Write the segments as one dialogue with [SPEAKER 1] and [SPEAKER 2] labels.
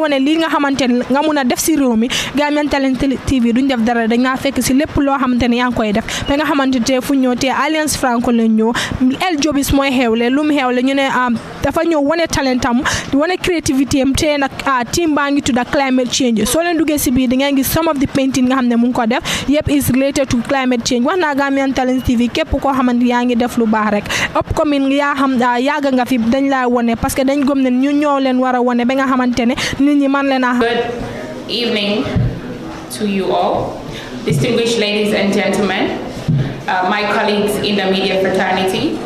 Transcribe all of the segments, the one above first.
[SPEAKER 1] wane lii nga xamante ne nga mun a def si réew mi Gambian Talents TV duñ def dara dañ naa fekk si lépp loo xamante ne yaa ngi koy def ba nga xamante te fu ñëw te Alliance Franco la ñëw El Jobis mooy xewle lu mu xewle ñu ne um, dafa ñëw talent am um, wane créativité am um, te nag uh, team baa ngi tudda climate change soo leen duggee si biir di ngeen gis some of the painting nga xam ne mu ngi ko def yëpp is related to climate change wax naa Gambian talent TV képp koo xamante yaa ngi def lu baax rek upcoming yaa xam uh, yàgg nga fi dañ laa wone parce que dañ gëm ne ñu ñoo leen war a wone ba nga xamante ne nit ñi man leen a Good
[SPEAKER 2] evening to you all, distinguished ladies and gentlemen, uh, my colleagues in the media fraternity.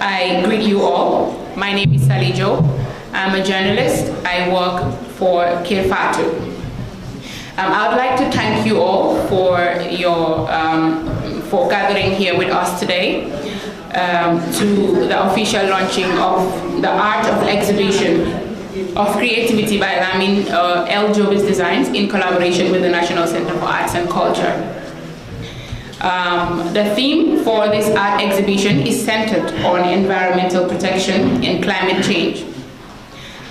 [SPEAKER 2] I greet you all. My name is Sally Joe. I'm a journalist. I work for Kirfatu. Um, I would like to thank you all for your um, for gathering here with us today um, to the official launching of the Art of Exhibition of Creativity by Lamin uh, L. Jobis Designs in collaboration with the National Center for Arts and Culture. Um, the theme for this art exhibition is centered on environmental protection and climate change.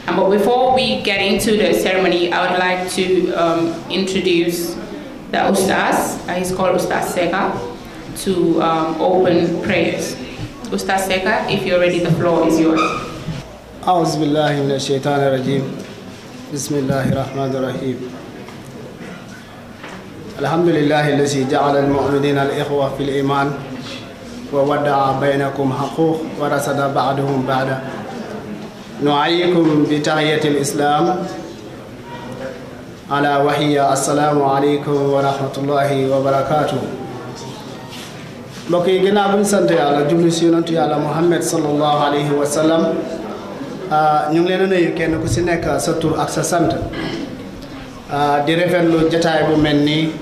[SPEAKER 2] Um, but before we get into the ceremony, I would like to um, introduce the Ustaz, uh, he's called Ustaz Seka, to um, open prayers. Ustaz Seka, if you're ready, the floor is yours.
[SPEAKER 3] أعوذ billahi من shaitanir rajim. بسم الله alhamdulilah allazi jaala almuminina alixwa fi liman wa waddaa baynakum xaquq wa rasada baaduhum baada nuayikum bi taxiyati lislam ala waxiya assalaamu aleykum wa rahmatullahi wa barakatuh mbokk yi ginnaaw buñ sant yàlla jublu si yonantu yàlla muhammad salallahu alayhi wa sallam ah, ñu ngi leen a nuyu kenn ku si nekk sa tur ak sa sant ah, di rafetlu jataay bu mel nii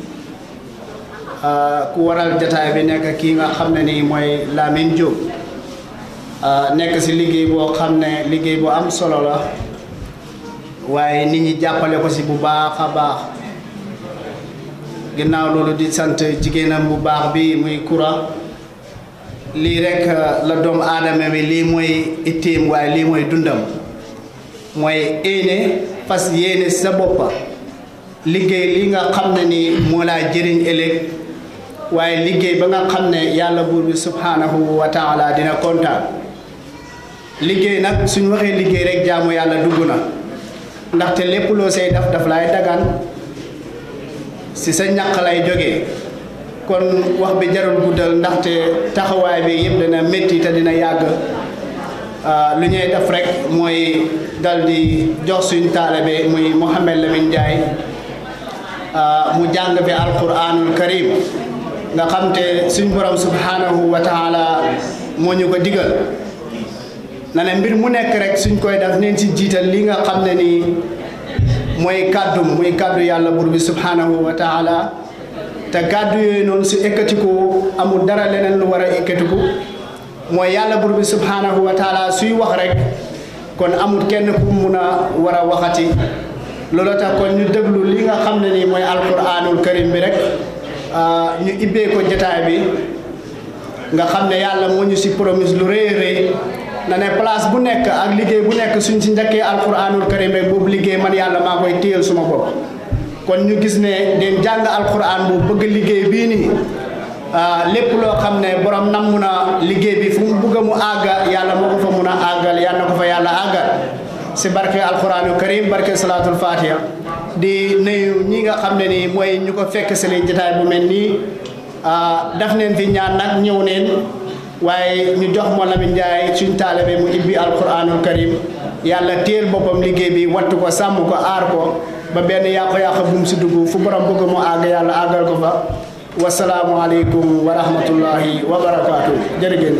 [SPEAKER 3] Ah, ku waral jataay bi nekk kii nga xam ne nii mooy lamin diob ah, nekk si liggéey boo xam ne liggéey bu am solo la waaye nit ñi jàppale ko si bu baax a baax ginnaaw loolu di sant jigéenam bu baax bi muy coura lii rek ah, la doomu aadama bi lii mooy itteem waaye lii mooy dundam mooy éene fas yéene sa boppa liggéey li nga xam ne nii moo laa jëriñ éleg waaye liggéey ba nga xam ne yàlla buur bi subhanahu wa taala dina kontaan liggéey nag suñ waxee liggéey rek jaamu yàlla dugg na ndaxte lépp loo say daf daf lay dagaan si sa ñaq lay jógee kon wax bi jarul guddal ndaxte taxawaay bi yëpp dina métti te dina yàgg ah, lu ñuy def rek mooy dal di jox suñ taalibe muy Mouhamed Lamine Ndiaye ah, mu jàng fi alquranul karim nga xam te suñ borom subhanahu wa taala moo ñu ko digal na mbir mu nekk rek suñ koy def neen ci jiital lii nga xam ne nii mooy kàddu muy kàddu yàlla buur bi subhanahu wa te kàddu noonu su ekkatiku amul dara leneen lu war a mooy yàlla buur bi subhanahu wa taala suy wax rek kon amul kenn ku mun a war a waxati loolu kon ñu déglu li nga xam ne nii mooy alquranul karim bi rek Euh, ñu ibbee ko jataay bi nga xam ne yàlla moo ñu si promise lu rëy rëy na ne place bu nekk ak liggéey bu nekk suñ si njëkkee alquranul karim rek boobu liggéey man yàlla maa koy téyal suma bopp kon ñu gis ne den jàng alquran bu bëgg liggéey bii nii euh, lépp loo xam ne borom namm na liggéey bi fu mu bëgg mu àgga yàlla moo ko mun a àggal yàlla na ko yàlla àggal si barke alquranul karim barke salaatul fatiha di nuyu ñi nga xam ne ni mooy ñu ko fekk si li jotaay bu mel nii ah, daf neen fi ñaan nag ñëw neen waaye ñu jox moo Lamin Njaay suñ taalibe mu ibbi alquranul karim yàlla téel boppam liggéey bi wattu ko sàmm ko aar ko ba benn yàqu-yàqu bu mu si dugg fu baram bëgg mu àgg yàlla àggal ko fa wasalaamualeykum wa rahmatullahi wa barakaatu jërëgéen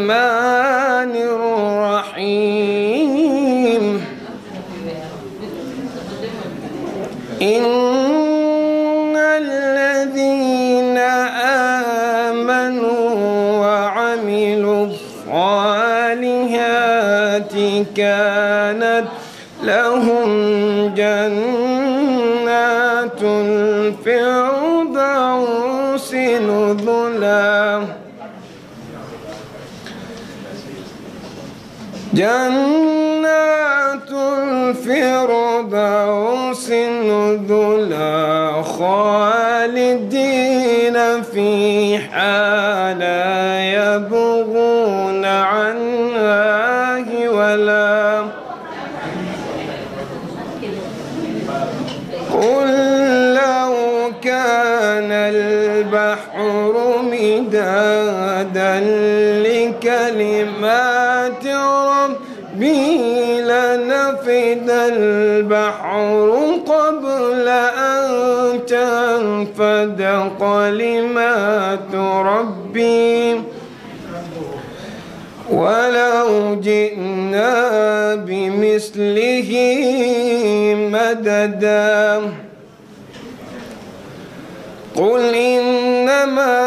[SPEAKER 4] جنات الفردوس نذلا خالدين في حال يبو وإذا البحر قبل أن تنفد كلمات ربي ولو جئنا بمثله مددا قل إنما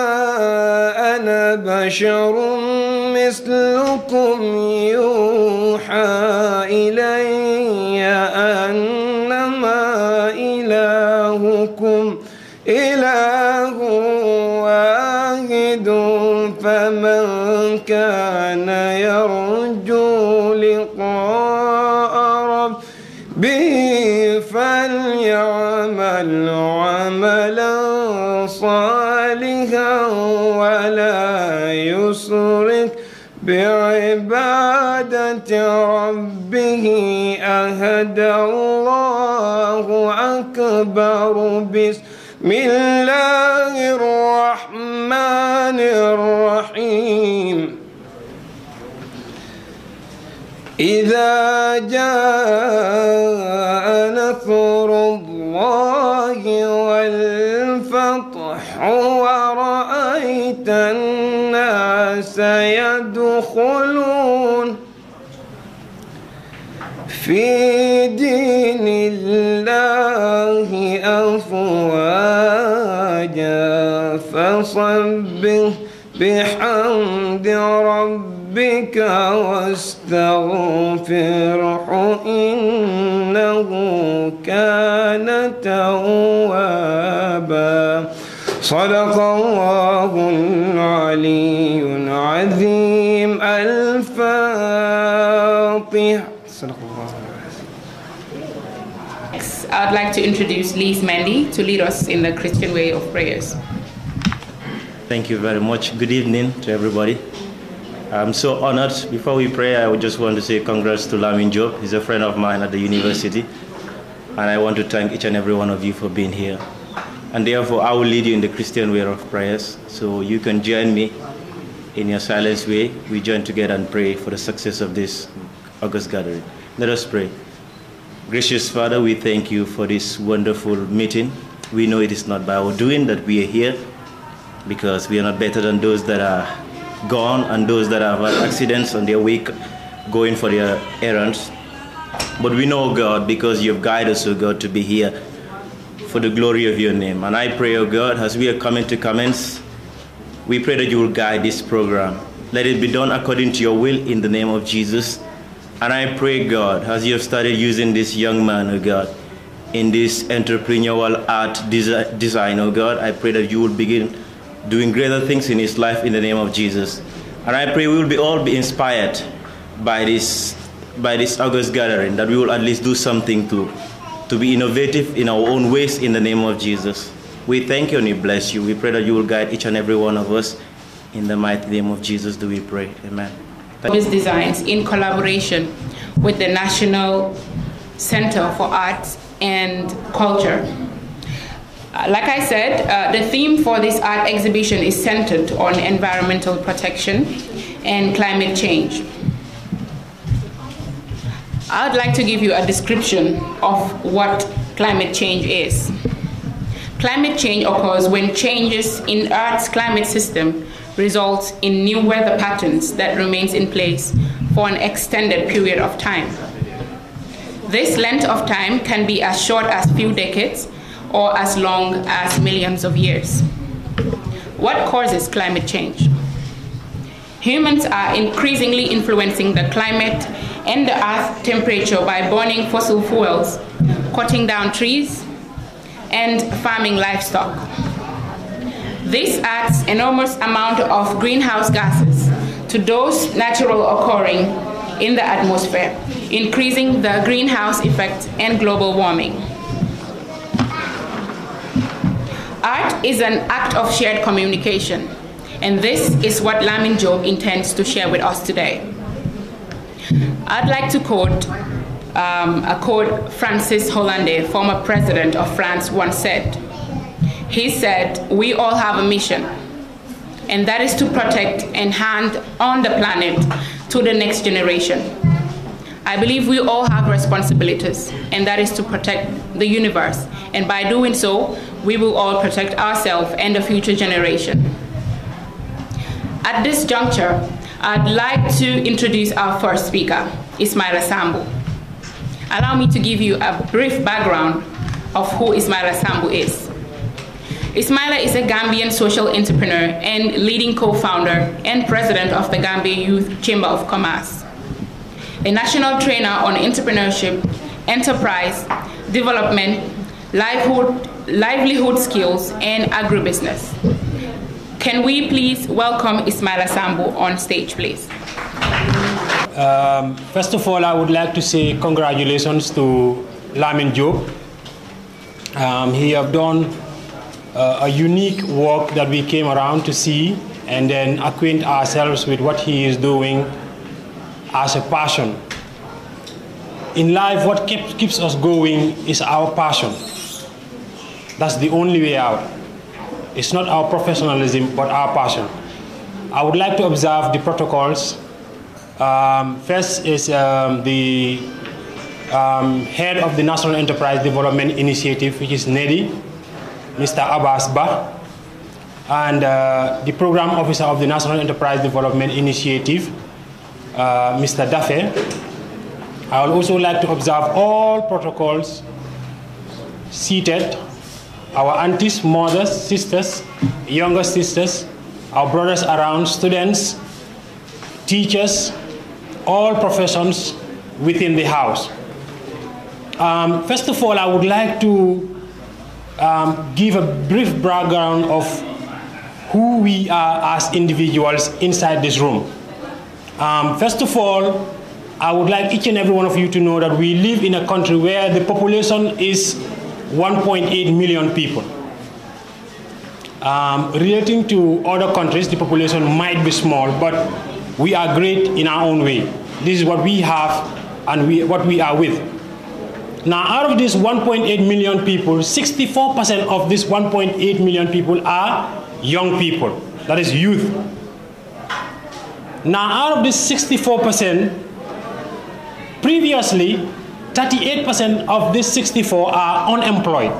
[SPEAKER 4] أنا بشر مثلكم يوحى إلي كان يرجو لقاء ربه فليعمل عملا صالحا ولا يسرك بعبادة ربه أهدى الله أكبر بسم الله الرحمن الرحيم إذا جاء نصر الله والفتح ورأيت الناس يدخلون في دين الله أفواجا فصبه بحمد ربك وسبح فاستغفره إنه كان توابا صدق الله العلي العظيم الفاتح صدق الله
[SPEAKER 2] I'd like to introduce Liz Mandy to lead us in the Christian way of prayers.
[SPEAKER 5] Thank you very much. Good evening to everybody. I'm so honored. Before we pray, I would just want to say congrats to Lamin Job. He's a friend of mine at the university. And I want to thank each and every one of you for being here. And therefore, I will lead you in the Christian way of prayers. So you can join me in your silence way. We join together and pray for the success of this August gathering. Let us pray. Gracious Father, we thank you for this wonderful meeting. We know it is not by our doing that we are here because we are not better than those that are gone and those that have had accidents on their way going for their errands. But we know, God, because you've guided us, O oh God, to be here for the glory of your name. And I pray, O oh God, as we are coming to commence, we pray that you will guide this program. Let it be done according to your will in the name of Jesus. And I pray, God, as you have started using this young man, O oh God, in this entrepreneurial art desi- design, O God, I pray that you will begin doing greater things in his life in the name of Jesus. And I pray we will be all be inspired by this, by this August gathering, that we will at least do something to, to be innovative in our own ways in the name of Jesus. We thank you and we bless you. We pray that you will guide each and every one of us. In the mighty name of Jesus do we pray. Amen. These Designs in collaboration
[SPEAKER 2] with the National Center for Arts and Culture uh, like I said, uh, the theme for this art exhibition is centered on environmental protection and climate change. I would like to give you a description of what climate change is. Climate change occurs when changes in Earth's climate system result in new weather patterns that remains in place for an extended period of time. This length of time can be as short as few decades or as long as millions of years. What causes climate change? Humans are increasingly influencing the climate and the Earth's temperature by burning fossil fuels, cutting down trees, and farming livestock. This adds enormous amount of greenhouse gases to those natural occurring in the atmosphere, increasing the greenhouse effect and global warming. Art is an act of shared communication, and this is what Lamin Job intends to share with us today. I'd like to quote um, a quote Francis Hollande, former president of France, once said. He said, We all have a mission, and that is to protect and hand on the planet to the next generation. I believe we all have responsibilities, and that is to protect the universe. And by doing so, we will all protect ourselves and the future generation. At this juncture, I'd like to introduce our first speaker, Ismaila Sambu. Allow me to give you a brief background of who Ismaila Sambu is. Ismaila is a Gambian social entrepreneur and leading co-founder and president of the Gambia Youth Chamber of Commerce, a national trainer on entrepreneurship, enterprise, development, livelihood livelihood skills, and agribusiness. Can we please welcome Ismail Asambu on stage, please?
[SPEAKER 6] Um, first of all, I would like to say congratulations to Lamin Job. Um, he have done uh, a unique work that we came around to see and then acquaint ourselves with what he is doing as a passion. In life, what keeps us going is our passion. That's the only way out. It's not our professionalism, but our passion. I would like to observe the protocols. Um, first is um, the um, head of the National Enterprise Development Initiative, which is NEDI, Mr. Abbas Ba, and uh, the program officer of the National Enterprise Development Initiative, uh, Mr. Dafe. I would also like to observe all protocols seated our aunties, mothers, sisters, younger sisters, our brothers around, students, teachers, all professions within the house. Um, first of all, I would like to um, give a brief background of who we are as individuals inside this room. Um, first of all, I would like each and every one of you to know that we live in a country where the population is 1.8 million people. Um, relating to other countries, the population might be small, but we are great in our own way. This is what we have and we, what we are with. Now, out of these 1.8 million people, 64% of these 1.8 million people are young people, that is youth. Now, out of this 64%, previously, 38% of these 64 are unemployed.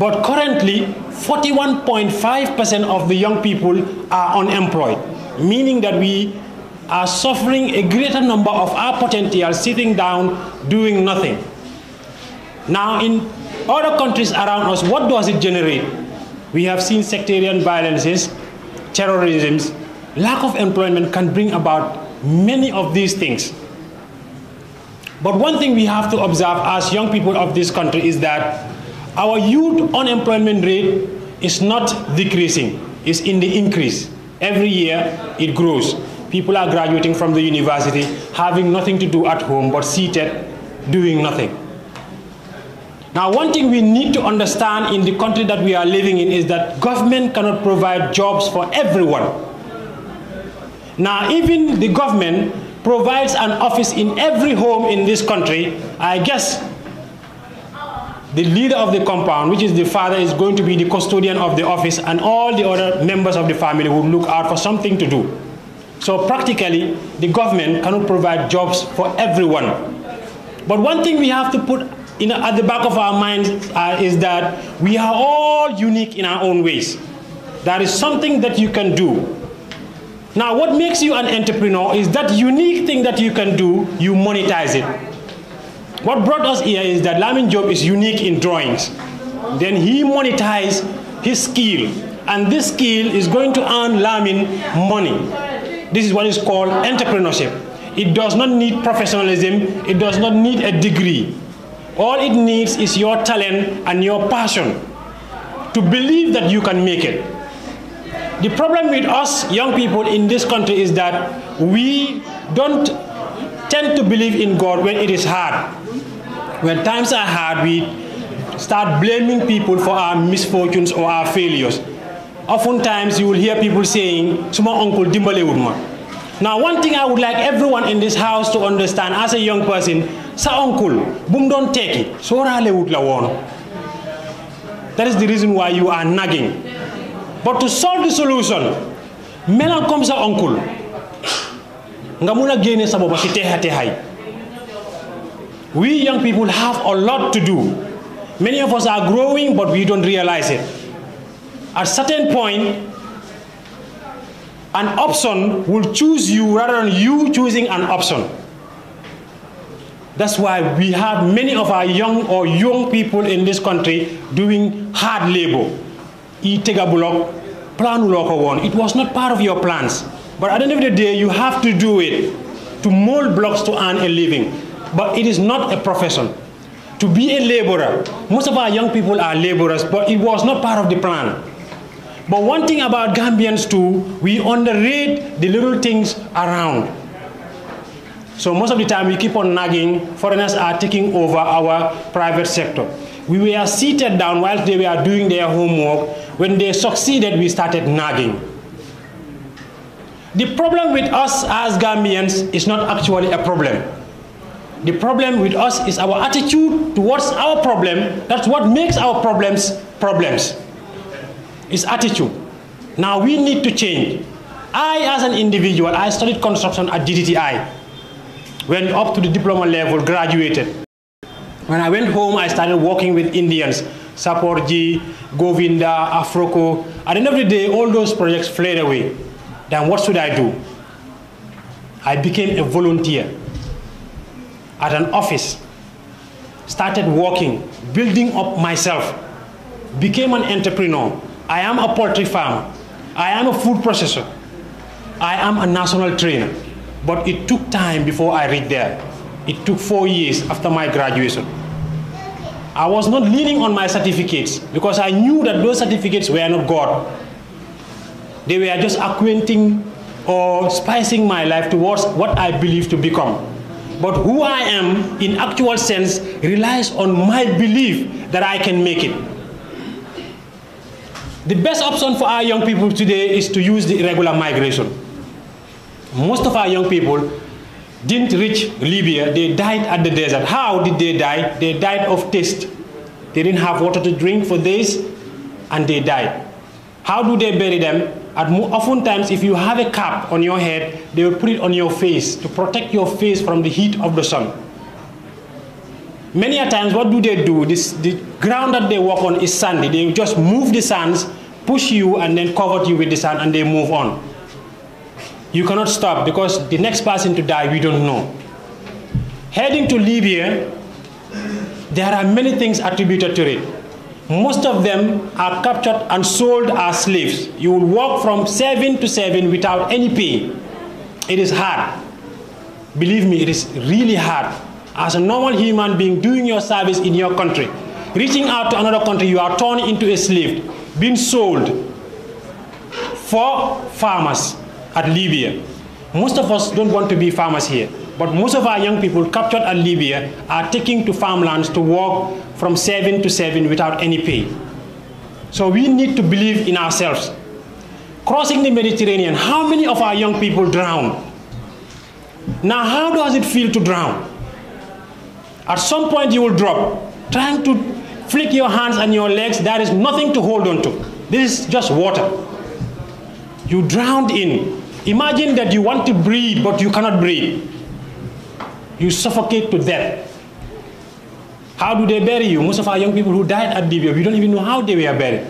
[SPEAKER 6] But currently, 41.5% of the young people are unemployed, meaning that we are suffering a greater number of our potential sitting down doing nothing. Now, in other countries around us, what does it generate? We have seen sectarian violences, terrorisms, lack of employment can bring about many of these things. But one thing we have to observe as young people of this country is that our youth unemployment rate is not decreasing, it's in the increase. Every year it grows. People are graduating from the university, having nothing to do at home, but seated, doing nothing. Now, one thing we need to understand in the country that we are living in is that government cannot provide jobs for everyone. Now, even the government provides an office in every home in this country, I guess the leader of the compound, which is the father, is going to be the custodian of the office, and all the other members of the family will look out for something to do. So practically, the government cannot provide jobs for everyone. But one thing we have to put in, at the back of our minds uh, is that we are all unique in our own ways. There is something that you can do now, what makes you an entrepreneur is that unique thing that you can do, you monetize it. What brought us here is that Lamin Job is unique in drawings. Then he monetized his skill, and this skill is going to earn Lamin money. This is what is called entrepreneurship. It does not need professionalism, it does not need a degree. All it needs is your talent and your passion to believe that you can make it. The problem with us young people in this country is that we don't tend to believe in God when it is hard. When times are hard, we start blaming people for our misfortunes or our failures. Oftentimes, you will hear people saying, "Small uncle Dimbale Woodman." Now, one thing I would like everyone in this house to understand as a young person, sa uncle, boom don't take it. So la woon. That is the reason why you are nagging. But to solve the solution, men comme sa oncle nga sa si we young people have a lot to do many of us are growing but we don't realize it at a certain point an option will choose you rather than you choosing an option that's why we have many of our young or young people in this country doing hard labor block plan It was not part of your plans. But at the end of the day, you have to do it to mold blocks to earn a living. But it is not a profession. To be a laborer, most of our young people are laborers, but it was not part of the plan. But one thing about Gambians too, we underrate the little things around. So most of the time we keep on nagging, foreigners are taking over our private sector. We were seated down whilst they were doing their homework, when they succeeded, we started nagging. The problem with us as Gambians is not actually a problem. The problem with us is our attitude towards our problem. That's what makes our problems problems. It's attitude. Now we need to change. I, as an individual, I studied construction at DDTI. Went up to the diploma level, graduated. When I went home, I started working with Indians Saporji, Govinda, Afroco, At the end of the day, all those projects flared away. Then what should I do? I became a volunteer at an office, started working, building up myself, became an entrepreneur. I am a poultry farmer. I am a food processor. I am a national trainer. But it took time before I reached there. It took four years after my graduation. I was not leaning on my certificates because I knew that those certificates were not God. They were just acquainting or spicing my life towards what I believe to become. But who I am, in actual sense, relies on my belief that I can make it. The best option for our young people today is to use the irregular migration. Most of our young people didn't reach Libya, they died at the desert. How did they die? They died of thirst. They didn't have water to drink for days and they died. How do they bury them? At times, oftentimes, if you have a cap on your head, they will put it on your face to protect your face from the heat of the sun. Many a times, what do they do? This, the ground that they walk on is sandy. They just move the sands, push you, and then cover you with the sand, and they move on you cannot stop because the next person to die, we don't know. Heading to Libya, there are many things attributed to it. Most of them are captured and sold as slaves. You will walk from seven to seven without any pay. It is hard. Believe me, it is really hard. As a normal human being doing your service in your country, reaching out to another country, you are turned into a slave, being sold for farmers at Libya. Most of us don't want to be farmers here, but most of our young people captured at Libya are taking to farmlands to work from seven to seven without any pay. So we need to believe in ourselves. Crossing the Mediterranean, how many of our young people drown? Now, how does it feel to drown? At some point, you will drop. Trying to flick your hands and your legs, there is nothing to hold on to. This is just water. You drowned in Imagine that you want to breathe, but you cannot breathe. You suffocate to death. How do they bury you? Most of our young people who died at Libya, we don't even know how they were buried.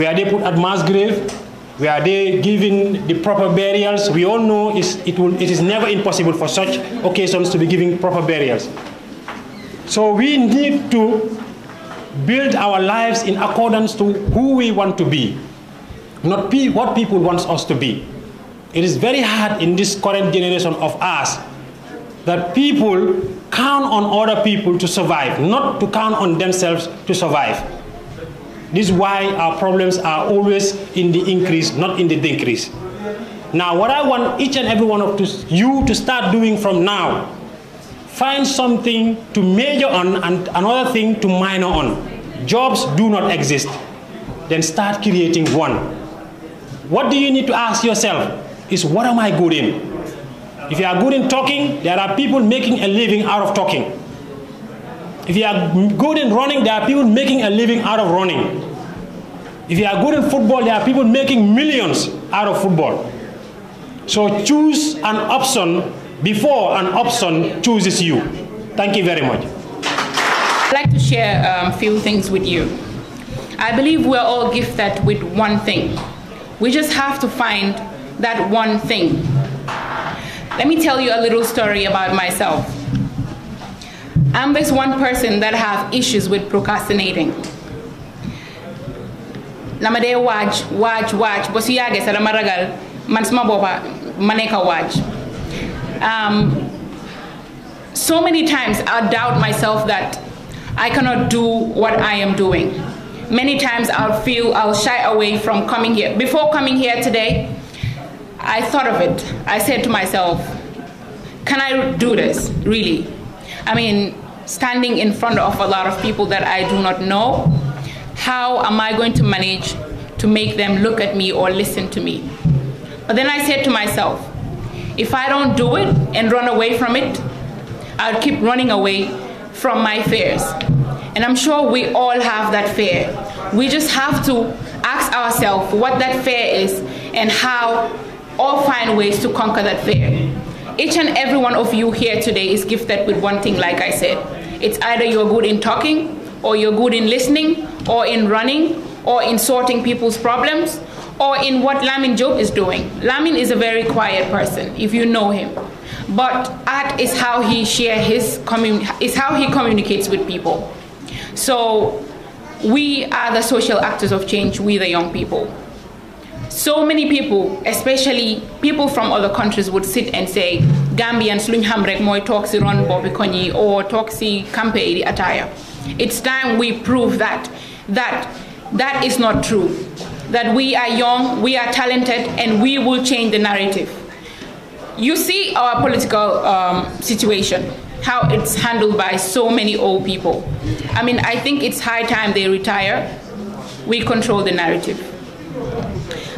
[SPEAKER 6] Where they put at mass grave? where they given the proper burials? We all know it, will, it is never impossible for such occasions to be given proper burials. So we need to build our lives in accordance to who we want to be not pe- what people wants us to be. It is very hard in this current generation of us that people count on other people to survive, not to count on themselves to survive. This is why our problems are always in the increase, not in the decrease. Now, what I want each and every one of you to start doing from now, find something to major on and another thing to minor on. Jobs do not exist. Then start creating one what do you need to ask yourself is what am I good in? If you are good in talking, there are people making a living out of talking. If you are good in running, there are people making a living out of running. If you are good in football, there are people making millions out of football. So choose an option before an option chooses you. Thank you very much.
[SPEAKER 2] I'd like to share a um, few things with you. I believe we're all gifted with one thing we just have to find that one thing. Let me tell you a little story about myself. I'm this one person that have issues with procrastinating. dama watch watch watch, waaj ba su yàggee sax dama ragal man um, so many times I doubt myself that I cannot do what I am doing many times I'll feel I'll shy away from coming here. Before coming here today, I thought of it. I said to myself, can I do this, really? I mean, standing in front of a lot of people that I do not know, how am I going to manage to make them look at me or listen to me? But then I said to myself, if I don't do it and run away from it, I'll keep running away from my fears. And I'm sure we all have that fear. We just have to ask ourselves what that fear is and how or find ways to conquer that fear. Each and every one of you here today is gifted with one thing, like I said. It's either you're good in talking, or you're good in listening, or in running, or in sorting people's problems, or in what Lamin Job is doing. Lamin is a very quiet person, if you know him. But art is how he share his commun- is how he communicates with people. So we are the social actors of change, we the young people. So many people, especially people from other countries, would sit and say, Gambians and xam rek mooy toog si ron boobi or Toxi si Attire. di It's time we prove that, that that is not true. That we are young, we are talented, and we will change the narrative. You see our political um, situation how it's handled by so many old people. I mean, I think it's high time they retire. We control the narrative.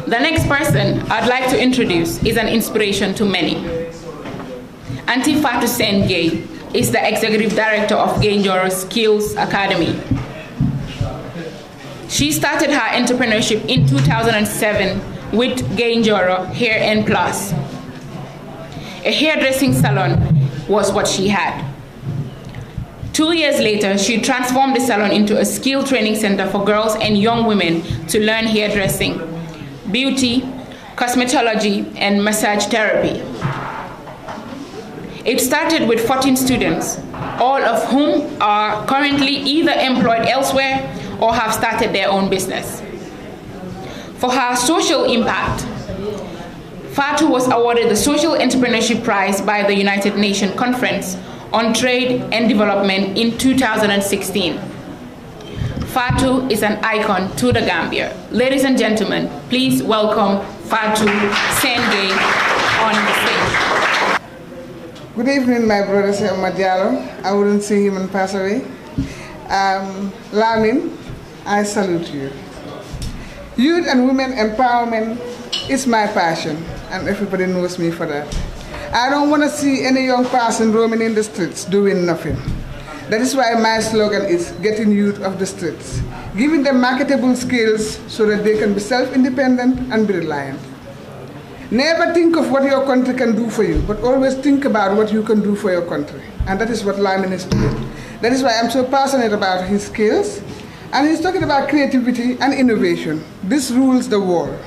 [SPEAKER 2] The next person I'd like to introduce is an inspiration to many. Auntie Sen Gay is the executive director of Gay Skills Academy. She started her entrepreneurship in 2007 with Gay Hair and Plus, a hairdressing salon was what she had. Two years later, she transformed the salon into a skill training center for girls and young women to learn hairdressing, beauty, cosmetology, and massage therapy. It started with 14 students, all of whom are currently either employed elsewhere or have started their own business. For her social impact, FATU was awarded the Social Entrepreneurship Prize by the United Nations Conference on Trade and Development in 2016. Fatu is an icon to the Gambia. Ladies and gentlemen, please welcome Fatu Sende on the stage.
[SPEAKER 7] Good evening, my brother Selma Diallo. I wouldn't see him and pass away. Um, Lamin, I salute you. Youth and women empowerment is my passion and everybody knows me for that. I don't want to see any young person roaming in the streets doing nothing. That is why my slogan is getting youth off the streets, giving them marketable skills so that they can be self-independent and be reliant. Never think of what your country can do for you, but always think about what you can do for your country. And that is what Lyman is doing. That is why I'm so passionate about his skills. And he's talking about creativity and innovation. This rules the world.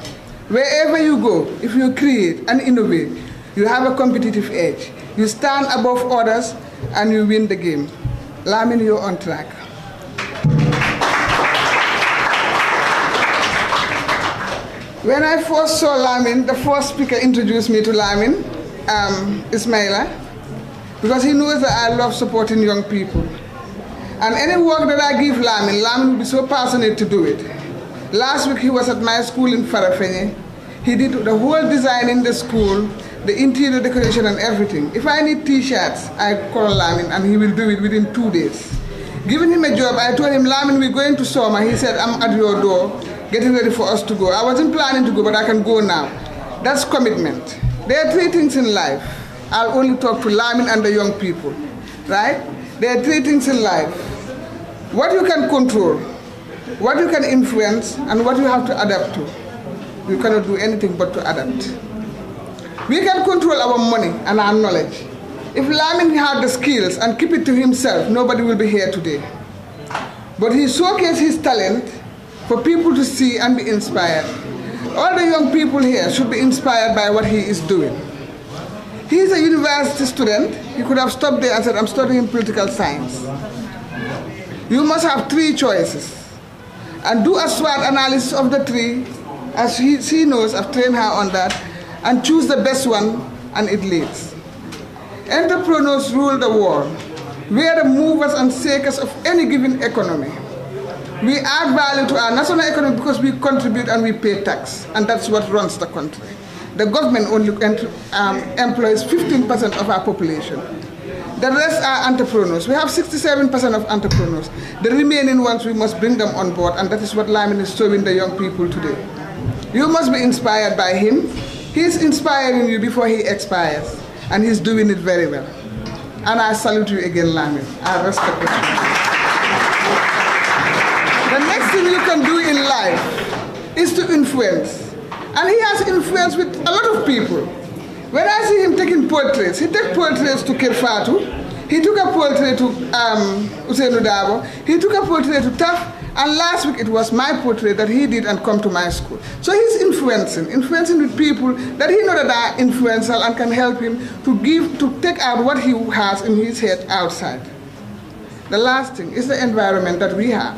[SPEAKER 7] Wherever you go, if you create and innovate, you have a competitive edge. You stand above others and you win the game. Lamin, you're on track. When I first saw Lamin, the first speaker introduced me to Lamin, um, Ismaila, because he knows that I love supporting young people. And any work that I give Lamin, Lamin will be so passionate to do it. Last week he was at my school in Farafeni. He did the whole design in the school, the interior decoration and everything. If I need t-shirts, I call Lamin and he will do it within two days. Giving him a job, I told him, Lamin, we're going to Soma. He said, I'm at your door, getting ready for us to go. I wasn't planning to go, but I can go now. That's commitment. There are three things in life. I'll only talk to Lamin and the young people, right? There are three things in life. What you can control, what you can influence and what you have to adapt to, you cannot do anything but to adapt. We can control our money and our knowledge. If Lamin had the skills and keep it to himself, nobody will be here today. But he showcased his talent for people to see and be inspired. All the young people here should be inspired by what he is doing. He is a university student. He could have stopped there and said, I'm studying political science. You must have three choices and do a SWOT analysis of the tree as he, she knows, I've trained her on that, and choose the best one and it leads. Entrepreneurs rule the world. We are the movers and shakers of any given economy. We add value to our national economy because we contribute and we pay tax, and that's what runs the country. The government only um, employs 15% of our population. The rest are entrepreneurs. We have 67% of entrepreneurs. The remaining ones, we must bring them on board, and that is what Lyman is showing the young people today. You must be inspired by him. He's inspiring you before he expires, and he's doing it very well. And I salute you again, Lyman. I respect you. The next thing you can do in life is to influence. And he has influence with a lot of people. When I see him taking portraits, he took portraits to Kirfatu, he took a portrait to um, Dabo, he took a portrait to Taf, and last week it was my portrait that he did and come to my school. So he's influencing, influencing with people that he know that are influential and can help him to give, to take out what he has in his head outside. The last thing is the environment that we have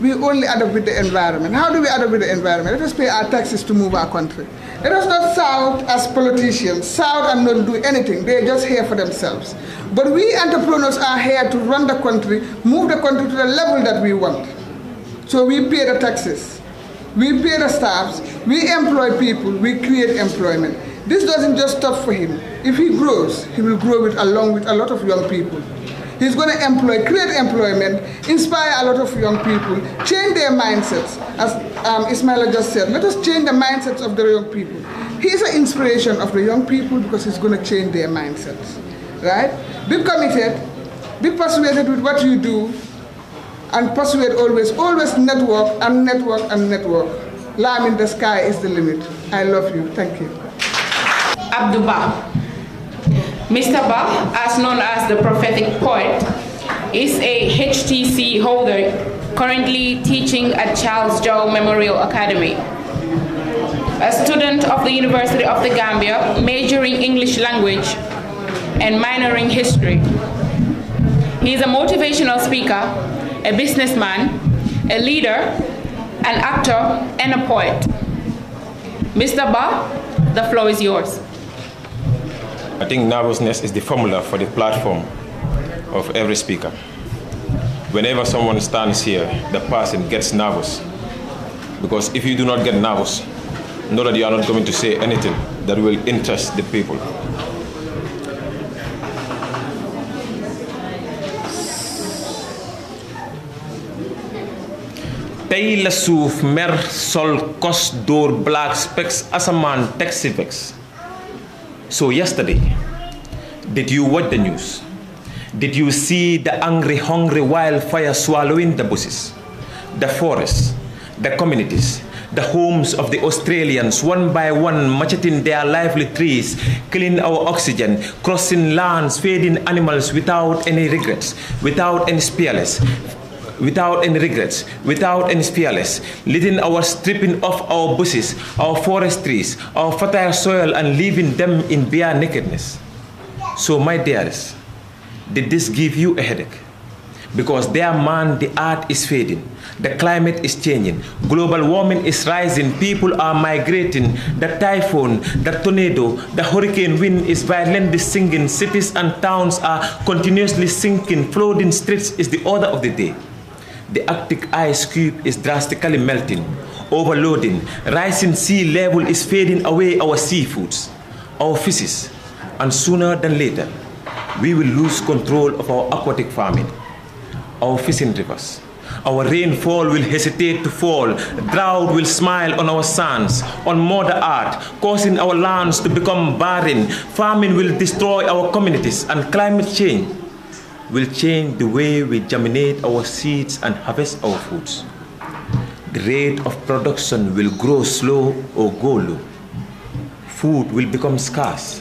[SPEAKER 7] we only adapt with the environment. How do we adapt with the environment? Let us pay our taxes to move our country. Let us not sound as politicians, sound and not do anything. They're just here for themselves. But we entrepreneurs are here to run the country, move the country to the level that we want. So we pay the taxes, we pay the staffs, we employ people, we create employment. This doesn't just stop for him. If he grows, he will grow with, along with a lot of young people. He's going to employ, create employment, inspire a lot of young people, change their mindsets. As um, Ismaila just said, let us change the mindsets of the young people. He's an inspiration of the young people because he's going to change their mindsets, right? Be committed, be persuaded with what you do, and persuade always, always network and network and network. Lime in the sky is the limit. I love you. Thank you.
[SPEAKER 2] Abduba. Mr. Bach, as known as the prophetic poet, is a HTC holder currently teaching at Charles Joe Memorial Academy. A student of the University of the Gambia, majoring English language and minoring history. He is a motivational speaker, a businessman, a leader, an actor, and a poet. Mr. Ba, the floor is yours.
[SPEAKER 8] I think nervousness is the formula for the platform of every speaker. Whenever someone stands here, the person gets nervous. Because if you do not get nervous, know that you are not going to say anything that will interest the people. tey la suuf mer sol kos dóor black specs asamaan so, yesterday, did you watch the news? Did you see the angry, hungry wildfire swallowing the bushes, the forests, the communities, the homes of the Australians, one by one, macheting their lively trees, killing our oxygen, crossing lands, feeding animals without any regrets, without any spearless, without any regrets, without any fearless, letting our stripping off our bushes, our forest trees, our fertile soil, and leaving them in bare nakedness. So, my dears, did this give you a headache? Because dear man, the earth is fading, the climate is changing, global warming is rising, people are migrating, the typhoon, the tornado, the hurricane wind is violently singing, cities and towns are continuously sinking, flooding streets is the order of the day the Arctic ice cube is drastically melting, overloading, rising sea level is fading away our seafoods, our fishes, and sooner than later, we will lose control of our aquatic farming, our fishing rivers. Our rainfall will hesitate to fall, drought will smile on our sands, on Mother Earth, causing our lands to become barren, famine will destroy our communities, and climate change will change the way we germinate our seeds and harvest our foods. The rate of production will grow slow or go low. Food will become scarce,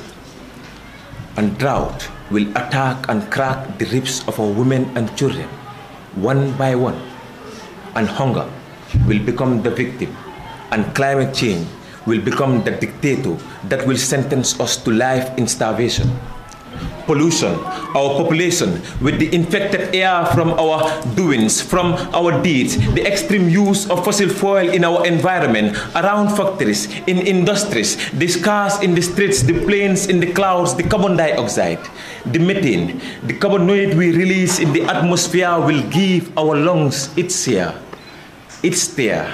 [SPEAKER 8] and drought will attack and crack the ribs of our women and children, one by one. And hunger will become the victim, and climate change will become the dictator that will sentence us to life in starvation pollution, our population, with the infected air from our doings, from our deeds, the extreme use of fossil fuel in our environment, around factories, in industries, the cars in the streets, the planes in the clouds, the carbon dioxide, the methane, the carbonoid we release in the atmosphere will give our lungs its air, its tear,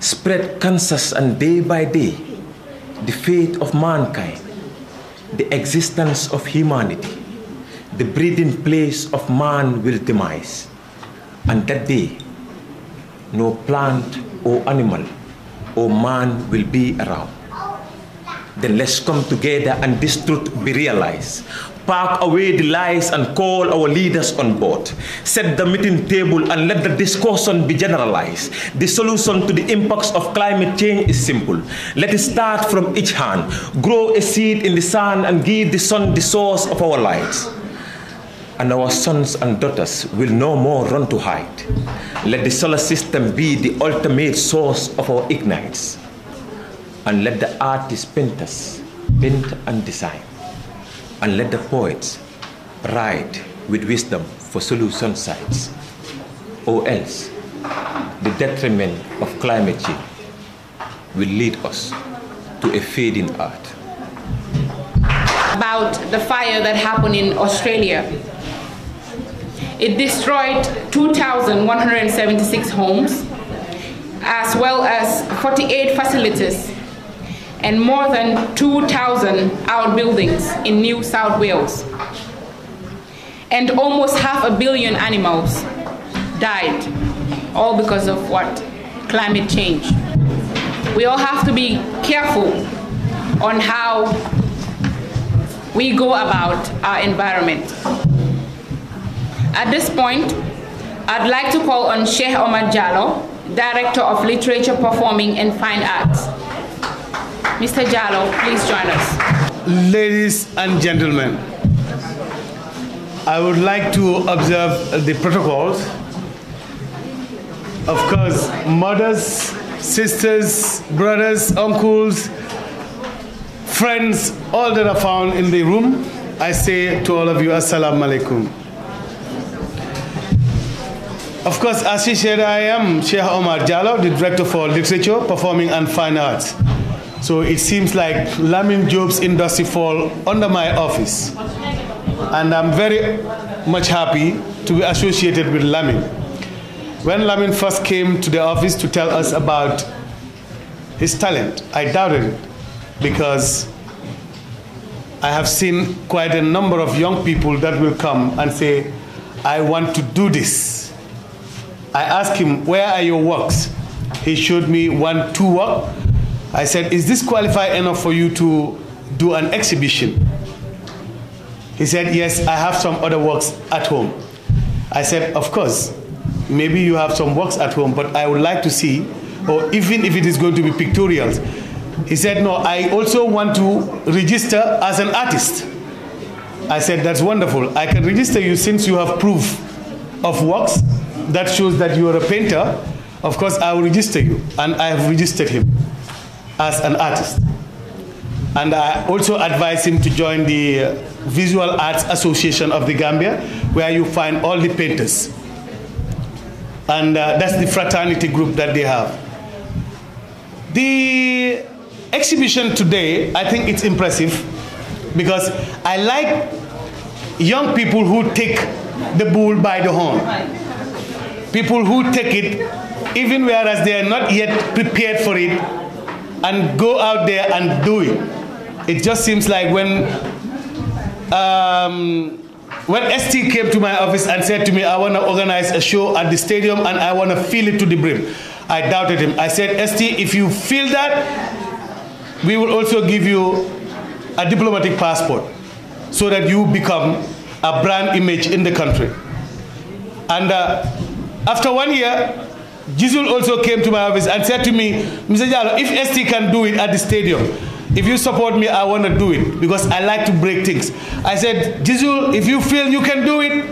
[SPEAKER 8] spread cancers and day by day, the fate of mankind the existence of humanity, the breeding place of man will demise. And that day, no plant or animal or man will be around. Then let's come together and this truth be realized. Park away the lies and call our leaders on board. Set the meeting table and let the discussion be generalized. The solution to the impacts of climate change is simple. Let it start from each hand. Grow a seed in the sun and give the sun the source of our lights. And our sons and daughters will no more run to hide. Let the solar system be the ultimate source of our ignites. And let the artists paint us, paint and design and let the poets write with wisdom for solution sites, or else the detriment of climate change will lead us to a fading earth.
[SPEAKER 2] About the fire that happened in Australia. It destroyed 2,176 homes as well as 48 facilities and more than 2,000 outbuildings in New South Wales. And almost half a billion animals died, all because of what? Climate change. We all have to be careful on how we go about our environment. At this point, I'd like to call on Sheikh Omar Jallo, Director of Literature, Performing and Fine Arts, Mr. Jallo, please join
[SPEAKER 9] us. Ladies and gentlemen, I would like to observe the protocols. Of course, mothers, sisters, brothers, uncles, friends, all that are found in the room, I say to all of you, Assalamu alaikum. Of course, as she said, I am Sheikh Omar Jallo, the Director for Literature, Performing and Fine Arts. So it seems like Lamin Job's industry fall under my office. And I'm very much happy to be associated with Lamin. When Lamin first came to the office to tell us about his talent, I doubted it because I have seen quite a number of young people that will come and say, I want to do this. I asked him, Where are your works? He showed me one, two work. I said, Is this qualified enough for you to do an exhibition? He said, Yes, I have some other works at home. I said, Of course, maybe you have some works at home, but I would like to see, or even if it is going to be pictorials. He said, No, I also want to register as an artist. I said, That's wonderful. I can register you since you have proof of works that shows that you are a painter. Of course, I will register you. And I have registered him as an artist. And I also advise him to join the Visual Arts Association of the Gambia, where you find all the painters. And uh, that's the fraternity group that they have. The exhibition today, I think it's impressive because I like young people who take the bull by the horn. People who take
[SPEAKER 10] it,
[SPEAKER 9] even whereas they are not yet prepared for it, and go out there and do it. It just seems like when um, when ST came to my office and said to me, I want to organize a show at the stadium and I want to fill it to the brim, I doubted him. I said, ST, if you feel that, we will also give you a diplomatic passport so that you become a brand image in the country. And uh, after one year, Jisul also came to my office and said to me, Mr. Jalo, if ST can do it at the stadium, if you support me, I want to do it because I like to break things. I said, Jesus, if you feel you can do it,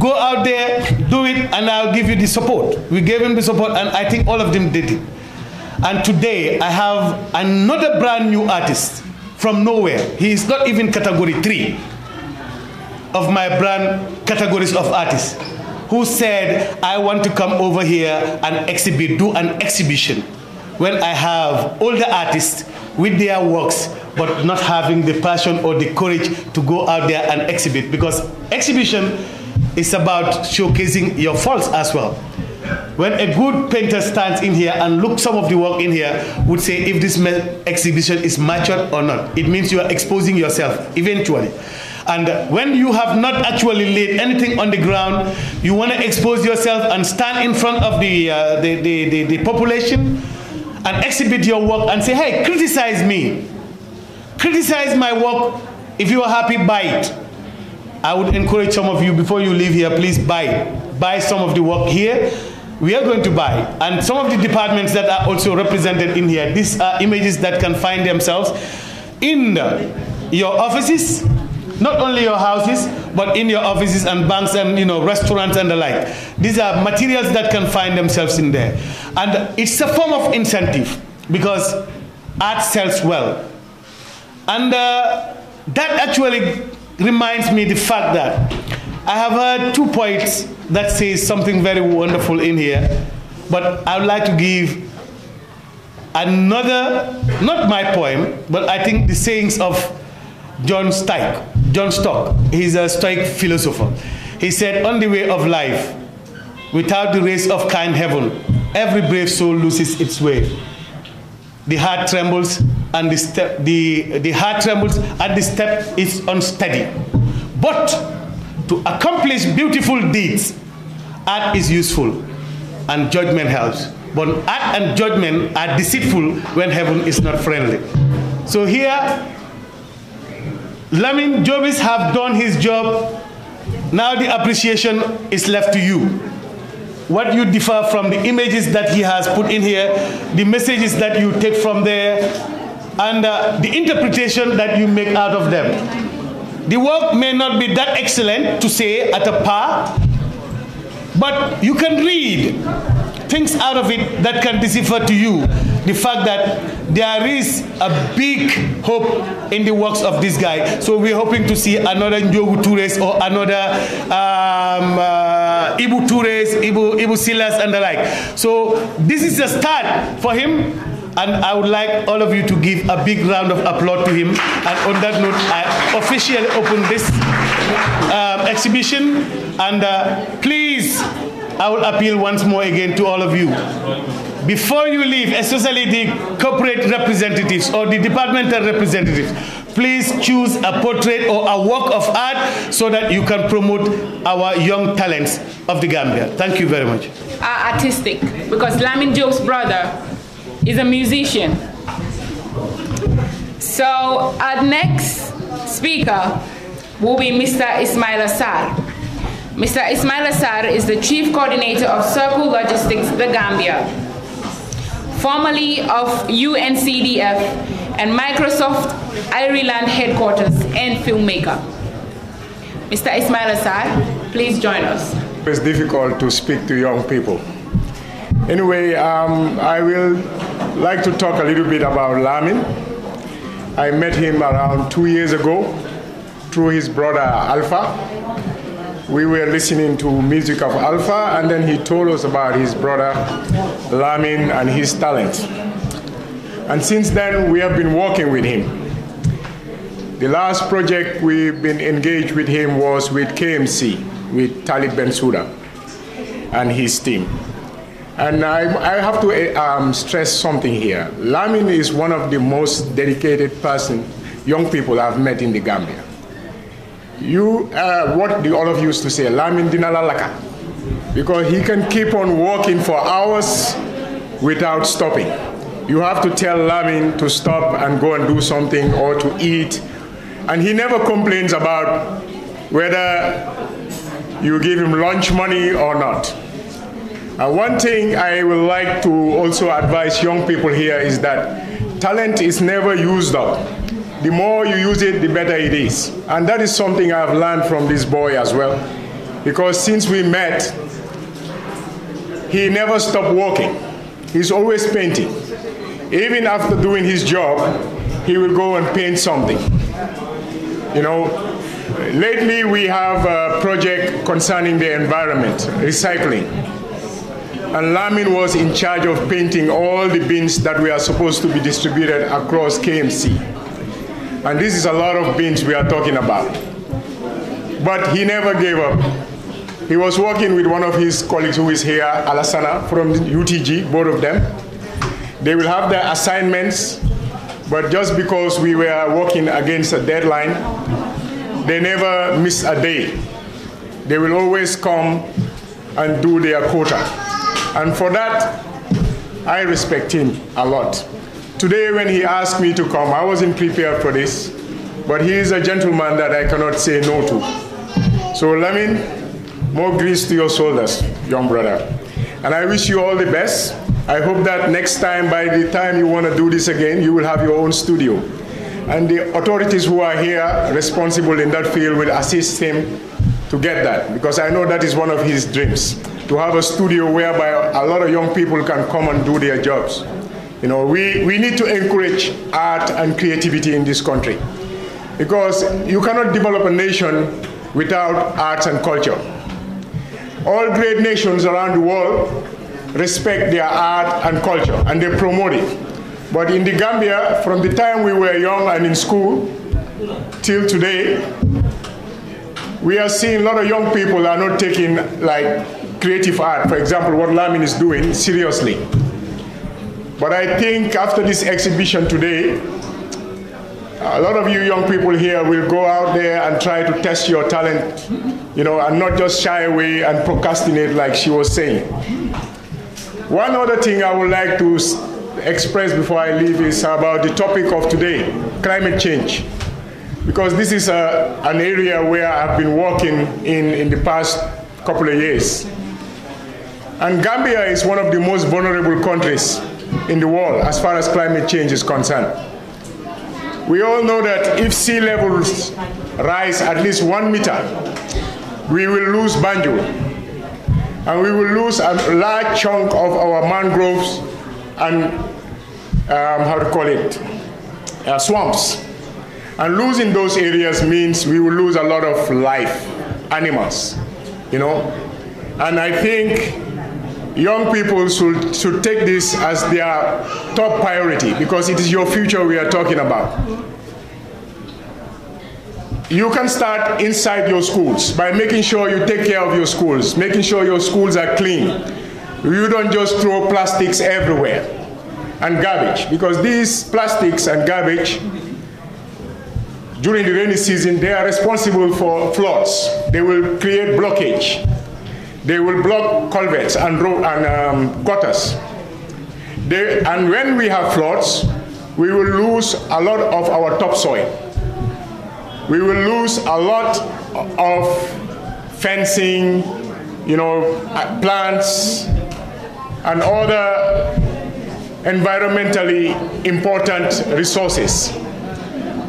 [SPEAKER 9] go out there, do it, and I'll give you the support. We gave him the support, and I think all of them did it. And today, I have another brand new artist from nowhere. He is not even category three of my brand categories of artists who said, I want to come over here and exhibit, do an exhibition when I have older artists with their works but not having the passion or the courage to go out there and exhibit because exhibition is about showcasing your faults as well. When a good painter stands in here and looks some of the work in here, would say if this exhibition is matured or not. It means you are exposing yourself eventually. And when you have not actually laid anything on the ground, you want to expose yourself and stand in front of the, uh, the, the, the, the population and exhibit your work and say, hey, criticize me. Criticize my work. If you are happy, buy it. I would encourage some of you, before you leave here, please buy. Buy some of the work here we are going to buy. And some of the departments that are also represented in here, these are images that can find themselves in your offices not only your houses, but in your offices and banks and you know restaurants and the like. These are materials that can find themselves in there, and it's a form of incentive because art sells well, and uh, that actually reminds me the fact that I have heard two poets that say something very wonderful in here, but I would like to give another, not my poem, but I think the sayings of John Stike. John Stock, he's a Stoic philosopher. He said, On the way of life, without the grace of kind heaven, every brave soul loses its way. The heart trembles and the step the, the heart trembles and the step is unsteady. But to accomplish beautiful deeds, art is useful and judgment helps. But art and judgment are deceitful when heaven is not friendly. So here Lamin Jobis have done his job. Now the appreciation is left to you. What you differ from the images that he has put in here, the messages that you take from there, and uh, the interpretation that you make out of them. The work may not be that excellent to say at a par, but you can read things out of it that can decipher to you the fact that there is a big hope in the works of this guy. So we're hoping to see another Njogu Torres or another um, uh, Ibu Torres, Ibu, Ibu Silas and the like. So this is a start for him. And I would like all of you to give a big round of applause to him. And on that note, I officially open this um, exhibition. And uh, please, I will appeal once more again to all of you. Before you leave, especially the corporate representatives or the departmental representatives, please choose a portrait or a work of art so that you can promote our young talents of the Gambia. Thank you very much.
[SPEAKER 2] Are artistic, because Lamin Job's brother is a musician. So our next speaker will be Mr. Ismail Assar. Mr. Ismail Assar is the Chief Coordinator of Circle Logistics, The Gambia formerly of UNCDF and Microsoft Ireland headquarters and filmmaker. Mr. Ismail Assad, please join us.
[SPEAKER 11] It's difficult to speak to young people. Anyway,
[SPEAKER 2] um, I will
[SPEAKER 11] like to talk a little bit about Lamin. I met him around two years ago through his brother Alpha we were listening to music of Alpha, and then he told us about his brother Lamin and his talent. And since then, we have been working with him. The last project we've been engaged with him was with KMC, with Talib Bensouda and his team. And I, I have to eh, um, stress something here. Lamin is one of the most dedicated person, young people I've met in the Gambia. You, uh, what do all of you used to say? Lamin dinalalaka. Because he can keep on walking for hours without stopping. You have to tell Lamin to stop and go and do something or to eat. And he never complains about whether you give him lunch money or not. And uh, one thing I would like to also advise young people here is that talent is never used up the more you use it, the better it is. And that is something I have learned from this boy as well. Because since we met, he never stopped working. He's always painting. Even after doing his job, he will go and paint something. You know, lately we have a project concerning the environment, recycling. And Lamin was in charge of painting all the bins that we are supposed to be distributed across KMC. And this is a lot of beans we are talking about. But he never gave up. He was working with one of his colleagues who is here, Alasana from UTG, both of them. They will have their assignments, but just because we were working against a deadline, they never miss a day. They will always come and do their quota. And for that, I respect him a lot. Today, when he asked me to come, I wasn't prepared for this, but he is a gentleman that I cannot say no to. So, Lamin, more grease to your shoulders, young brother. And I wish you all the best. I hope that next time, by the time you want to do this again, you will have your own studio. And the authorities who are here, responsible in that field, will assist him to get that, because I know that is one of his dreams, to have a studio whereby a lot of young people can come and do their jobs. You know, we, we need to encourage art and creativity in this country because you cannot develop a nation without arts and culture. All great nations around the world respect their art and culture and they promote it. But in the Gambia, from the time we were young and in school till today, we are seeing a lot of young people are not taking like creative art, for example, what Lamin is doing, seriously. But I think after this exhibition today, a lot of you young people here will go out there and try to test your talent, you know, and not just shy away and procrastinate like she was saying. One other thing I would like to express before I leave is about the topic of today, climate change. Because this is a, an area where I've been working in in the past couple of years. And Gambia is one of the most vulnerable countries in the world as far as climate change is concerned. We all know that if sea levels rise at least one meter, we will lose Banjul, and we will lose a large chunk of our mangroves and um, how to call it, uh, swamps. And losing those areas means we will lose a lot of life, animals, you know. And I think young people should, should take this as their top priority because it is your future we are talking about. You can start inside your schools by making sure you take care of your schools, making sure your schools are clean. You don't just throw plastics everywhere and garbage because these plastics and garbage during the rainy season, they are responsible for floods. They will create blockage they will block culverts and, and um, gutters. They, and when we have floods, we will lose a lot of our topsoil. We will lose a lot of fencing, you know, uh, plants, and other environmentally important resources.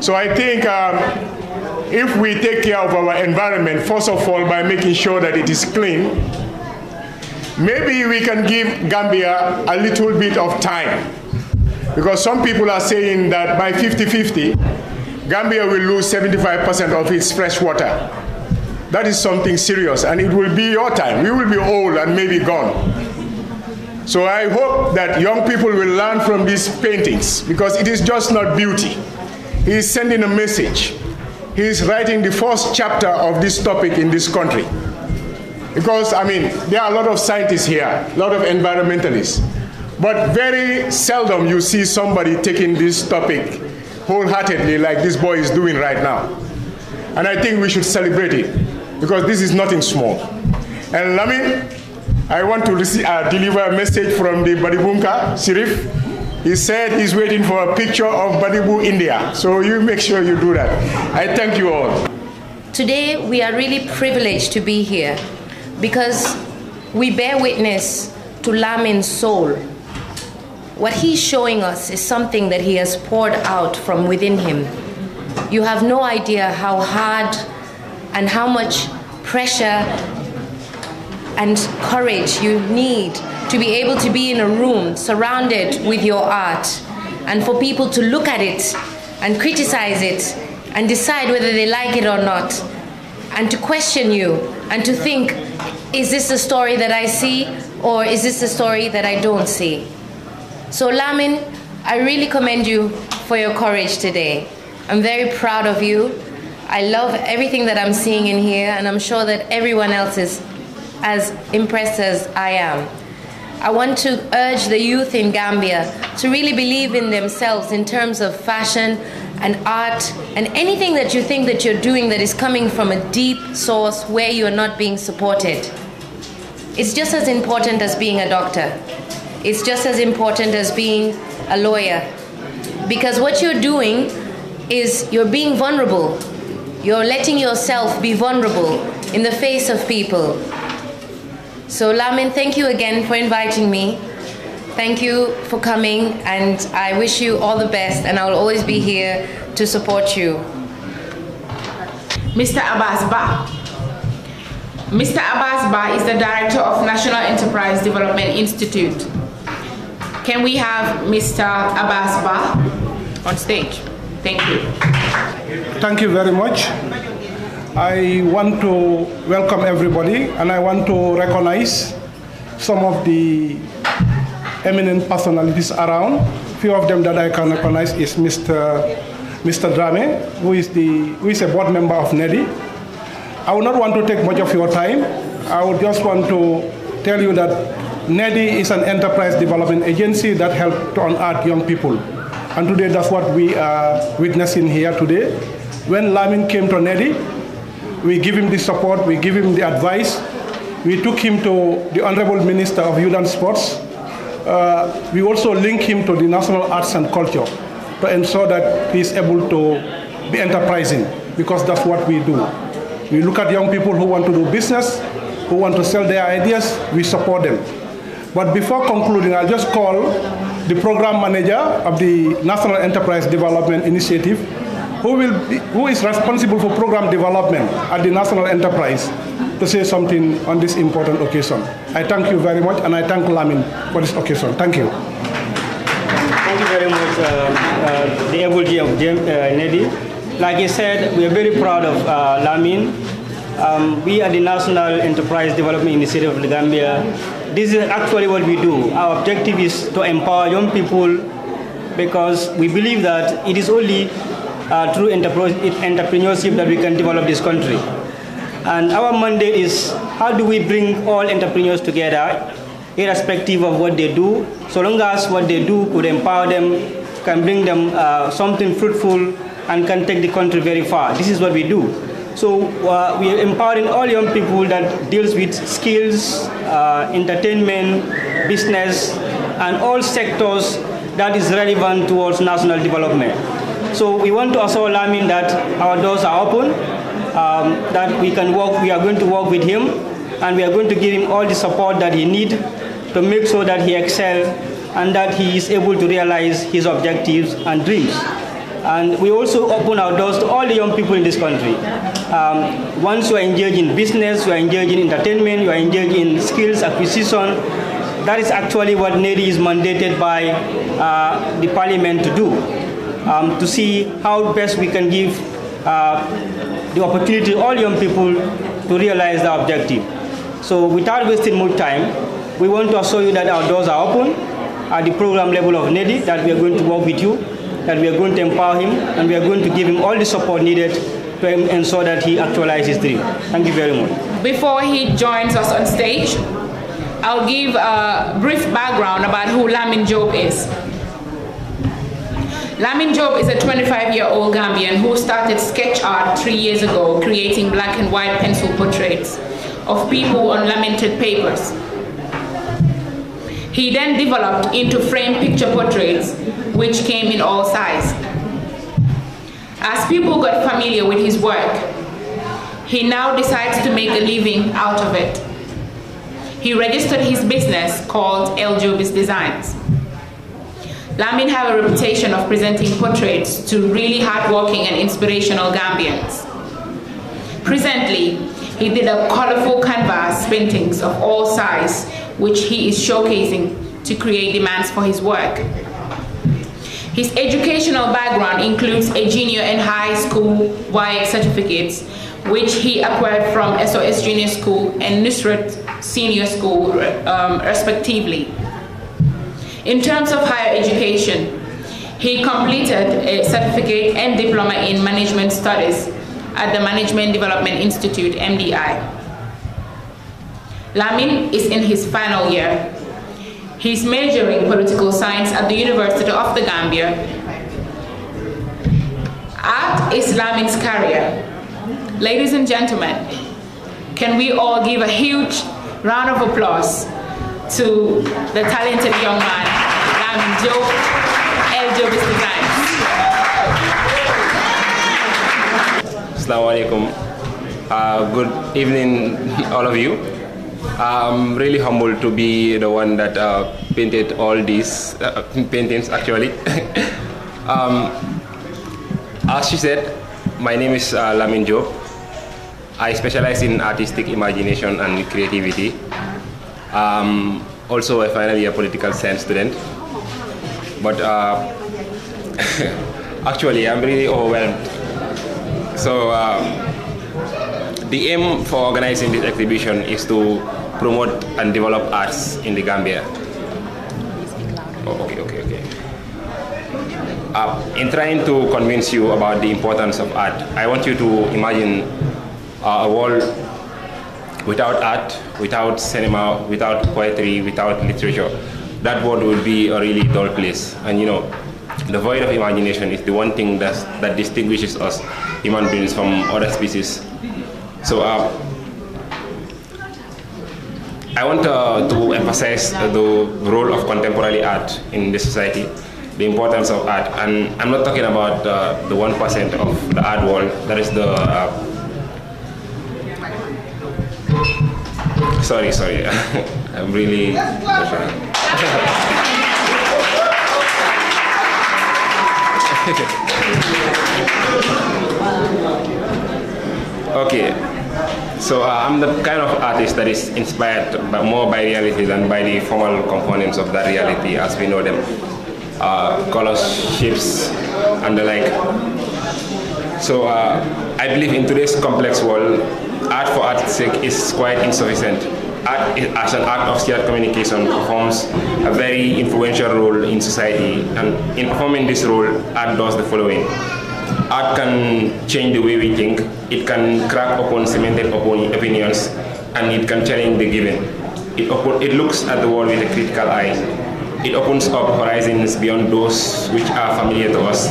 [SPEAKER 11] So I think um, if we take care of our environment, first of all, by making sure that it is clean, maybe we can give Gambia a little bit of time. Because some people are saying that by 50-50, Gambia will lose 75% of its fresh water. That is something serious, and it will be your time. We will be old and maybe gone. So I hope that young people will learn from these paintings, because it is just not beauty. He is sending a message he is writing the first chapter of this topic in this country. Because, I mean, there are a lot of scientists here, a lot of environmentalists, but very seldom you see somebody taking this topic wholeheartedly like this boy is doing right now. And I think we should celebrate it because this is nothing small. And Lamin, I want to uh, deliver a message from the Badibunka Sirif he said he's waiting for a picture of Badibu India. So you make sure you do that. I thank you all.
[SPEAKER 12] Today we are really privileged to be here because we bear witness to Lamin's soul. What he's showing us is something that he has poured out from within him. You have no idea how hard and how much pressure and courage you need to be able to be in a room surrounded with your art and for people to look at it and criticize it and decide whether they like it or not and to question you and to think is this a story that I see or is this a story that I don't see? So, Lamin, I really commend you for your courage today. I'm very proud of you. I love everything that I'm seeing in here, and I'm sure that everyone else is as impressed as I am. I want to urge the youth in Gambia to really believe in themselves in terms of fashion and art and anything that you think that you're doing that is coming from a deep source where you are not being supported. It's just as important as being a doctor. It's just as important as being a lawyer. Because what you're doing is you're being vulnerable. You're letting yourself be vulnerable in the face of people so, Lamin, thank you again for inviting me. Thank you for coming, and I wish you all the best, and I will always be here to support you.
[SPEAKER 2] Mr. Abbas Ba. Mr. Abbas Ba is the Director of National Enterprise Development Institute. Can we have Mr. Abbas Ba on stage? Thank you. Thank
[SPEAKER 10] you very much. I want to welcome everybody and I want to recognize some of the eminent personalities around. A few of them that I can recognize is Mr. Mr. Drame, who is, the, who is a board member of NEDI. I would not want to take much of your time. I would just want to tell you that NEDI is an enterprise development agency that helps to unearth young people. And today that's what we are witnessing here today. When Lamin came to NEDI, we give him the support, we give him the advice. We took him to the Honorable Minister of Youth and Sports. Uh, we also link him to the National Arts and Culture to ensure that he is able to be enterprising because that's what we do. We look at young people who want to do business, who want to sell their ideas, we support them. But before concluding, I'll just call the program manager of the National Enterprise Development Initiative, who, will be, who is responsible for program development at the national enterprise, to say something on this important occasion. I thank you very much, and I thank Lamin for this occasion. Thank you.
[SPEAKER 13] Thank you very much, uh, uh, the able of James uh, Nedi. Like I said, we are very proud of uh, Lamin. Um, we are the National Enterprise Development Initiative of the Gambia. This is actually what we do. Our objective is to empower young people because we believe that it is only uh, true entrepreneurship that we can develop this country. And our mandate is how do we bring all entrepreneurs together, irrespective of what they do, so long as what they do could empower them, can bring them uh, something fruitful, and can take the country very far. This is what we do. So uh, we are empowering all young people that deals with skills, uh, entertainment, business, and all sectors that is relevant towards national development. So we want to also allow him that our doors are open, um, that we can work, we are going to work with him, and we are going to give him all the support that he needs to make sure that he excels and that he is able to realize his objectives and dreams. And we also open our doors to all the young people in this country. Um, once you are engaged in business, you are engaged in entertainment, you are engaged in skills acquisition, that is actually what NEDI is mandated by uh, the parliament to do um, to see how best we can give uh, the opportunity to all young people to realize the objective. So without wasting more time, we want to assure you that our doors are open at the program level of NEDI, that we are going to work with you, that we are going to empower him, and we are going to give him all the support needed to ensure that he actualizes his dream. Thank you very much.
[SPEAKER 2] Before he joins us on stage, I'll give a brief background about who Lamin Job is. Lamin Job is a 25-year-old Gambian who started sketch art three years ago, creating black and white pencil portraits of people on laminated papers. He then developed into framed picture portraits, which came in all sizes. As people got familiar with his work, he now decides to make a living out of it. He registered his business called Eljovis Designs. Lamin have a reputation of presenting portraits to really hardworking and inspirational Gambians. Presently, he did a colorful canvas paintings of all size, which he is showcasing to create demands for his work. His educational background includes a junior and high school YX certificates, which he acquired from SOS Junior School and Nusrat Senior School, um, respectively. In terms of higher education, he completed a certificate and diploma in management studies at the Management Development Institute, MDI. Lamin is in his final year. He's majoring political science at the University of the Gambia. Art is Lamin's career. Ladies and gentlemen, can we all give a huge round of applause to the talented young man, Lamin Joe, El Designs.
[SPEAKER 14] Assalamu alaikum. Uh, good evening, all of you. I'm really humbled to be the one that uh, painted all these uh, paintings, actually. um, as she said, my name is uh, Lamin Joe. I specialize in artistic imagination and creativity. Um, also, a finally, a political science student. But uh, actually, I'm really overwhelmed. So, um, the aim for organizing this exhibition is to promote and develop arts in the Gambia. Oh, okay, okay, okay. Uh, in trying to convince you about the importance of art, I want you to imagine uh, a world Without art, without cinema, without poetry, without literature, that world would be a really dull place. And you know, the void of imagination is the one thing that's, that distinguishes us human beings from other species. So uh, I want uh, to emphasize the role of contemporary art in the society, the importance of art. And I'm not talking about uh, the 1% of the art world, that is the uh, sorry, sorry. I'm really emotional. okay, so uh, I'm the kind of artist that is inspired by, more by reality than by the formal components of that reality as we know them. Uh, colors, shapes, and the like. So uh, I believe in today's complex world, art for art's sake is quite insufficient. Art as an art of shared communication performs a very influential role in society and in performing this role, art does the following. Art can change the way we think, it can crack open cemented opinions, and it can challenge the given. It, open, it looks at the world with a critical eye. It opens up horizons beyond those which are familiar to us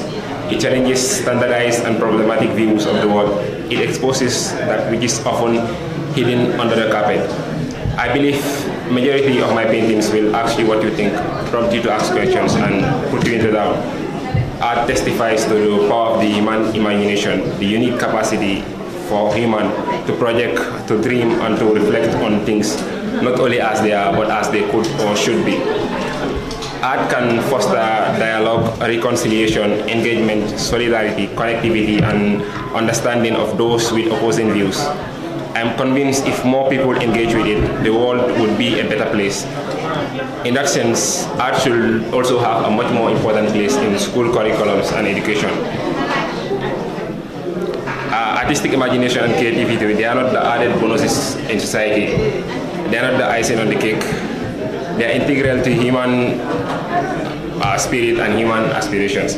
[SPEAKER 14] it challenges standardized and problematic views of the world. It exposes that which is often hidden under the carpet. I believe majority of my paintings will ask you what you think, prompt you to ask questions and put you into doubt. Art testifies to the power of the human imagination, the unique capacity for human to project, to dream and to reflect on things, not only as they are, but as they could or should be. Art can foster dialogue, reconciliation, engagement, solidarity, connectivity, and understanding of those with opposing views. I'm convinced if more people engage with it, the world would be a better place. In that sense, art should also have a much more important place in school curriculums and education. Uh, artistic imagination and creativity, they are not the added bonuses in society. They are not the icing on the cake. They are integral to human our spirit and human aspirations.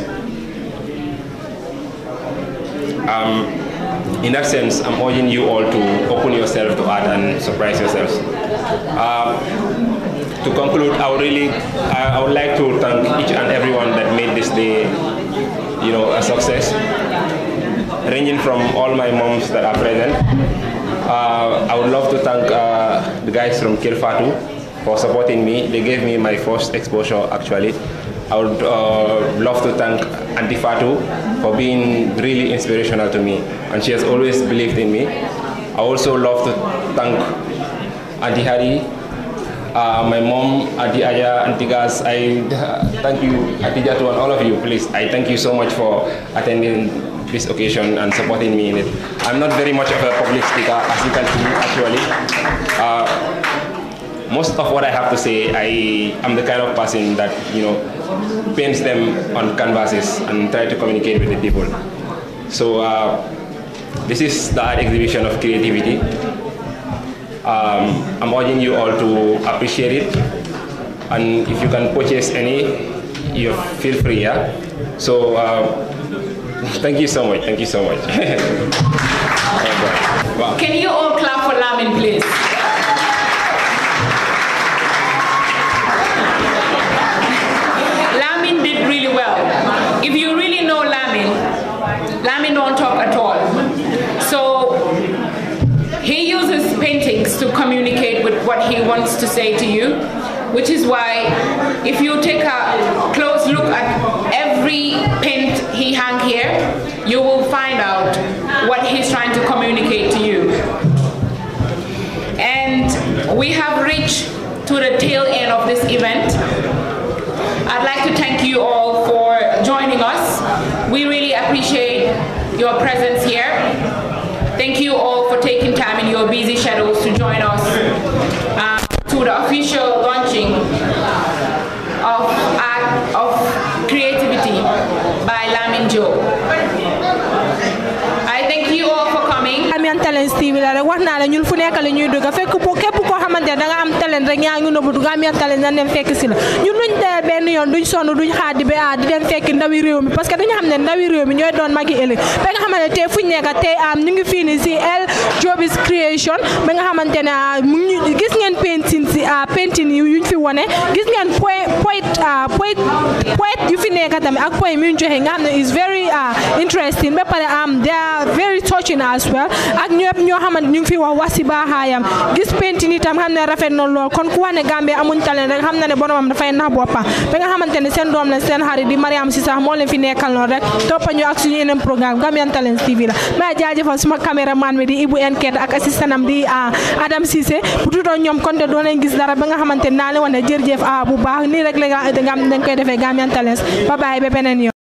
[SPEAKER 14] Um, in that sense, I'm urging you all to open yourself to art and surprise yourselves. Uh, to conclude, I would really, I, I would like to thank each and everyone that made this day, you know, a success. Ranging from all my moms that are present, uh, I would love to thank uh, the guys from Kilfatu for supporting me. They gave me my first exposure actually. I would uh, love to thank Auntie Fatu for being really inspirational to me, and she has always believed in me. I also love to thank Auntie Hari, uh, my mom, Auntie Aya, Auntie Gas. I uh, thank you, Auntie Jatu, and all of you. Please, I thank you so much for attending this occasion and supporting me in it. I'm not very much of a public speaker, as you can see, actually. Uh, most of what I have to say, I am the kind of person that, you know, paints them on canvases and try to communicate with the people. So uh, this is the art exhibition of creativity. Um, I'm urging you all to appreciate it. And if you can purchase any, you feel free, yeah? So uh, thank you so much. Thank you so much.
[SPEAKER 2] Can you all clap for Lamin, please? wants to say to you, which is why if you take a close look at every paint he hung here, you will find out what he's trying to communicate to you. And we have reached to the tail end of this event. I'd like to thank you all for joining us. We really appreciate your presence here. Thank you all for taking time in your busy show
[SPEAKER 1] TV la rek wax naa la ñun fu nekk la ñuy dugg fekk bu képp koo xamante ne da am talent rek yaa ngi nëbbu du nga amee talent na dem fekk si la ñun luñ dayal benn yoon duñ sonn duñ xaar di ba ah, di ndawi réew mi parce que dañu xam ne ndawi réew mi ah, ñu ngi fii ni si El nga xamante ne ah, mu ngi gis ngeen fi wone gis ngeen point point point point yu fi nekk tamit ak point mi ñu joxe nga xam ne is very interesting ba pare am they very touching as well ñoo xamante ñu ngi fi wax wax si baaxaayam gis penti ni tam xam ne rafet na lool kon ku wax ne Gambie amuñ talent rek xam na ne boromam dafay nax boppam ba nga xamante ne seen doom seen xarit di Mariam si sax moo leen fi nekkal noonu rek toppañu ak suñu yeneen programme Gambian Talents TV la maa jaajëfal suma caméraman mi di ak assistant am di ah, Adam Cissé bu tuddoo ñoom kon de doo leen gis dara ba nga xamante ne naa leen wane jërëjëf ah, bu baax nii rek la nga xam ne dañ koy defee Gambian Talents ba bàyyi ba beneen yoon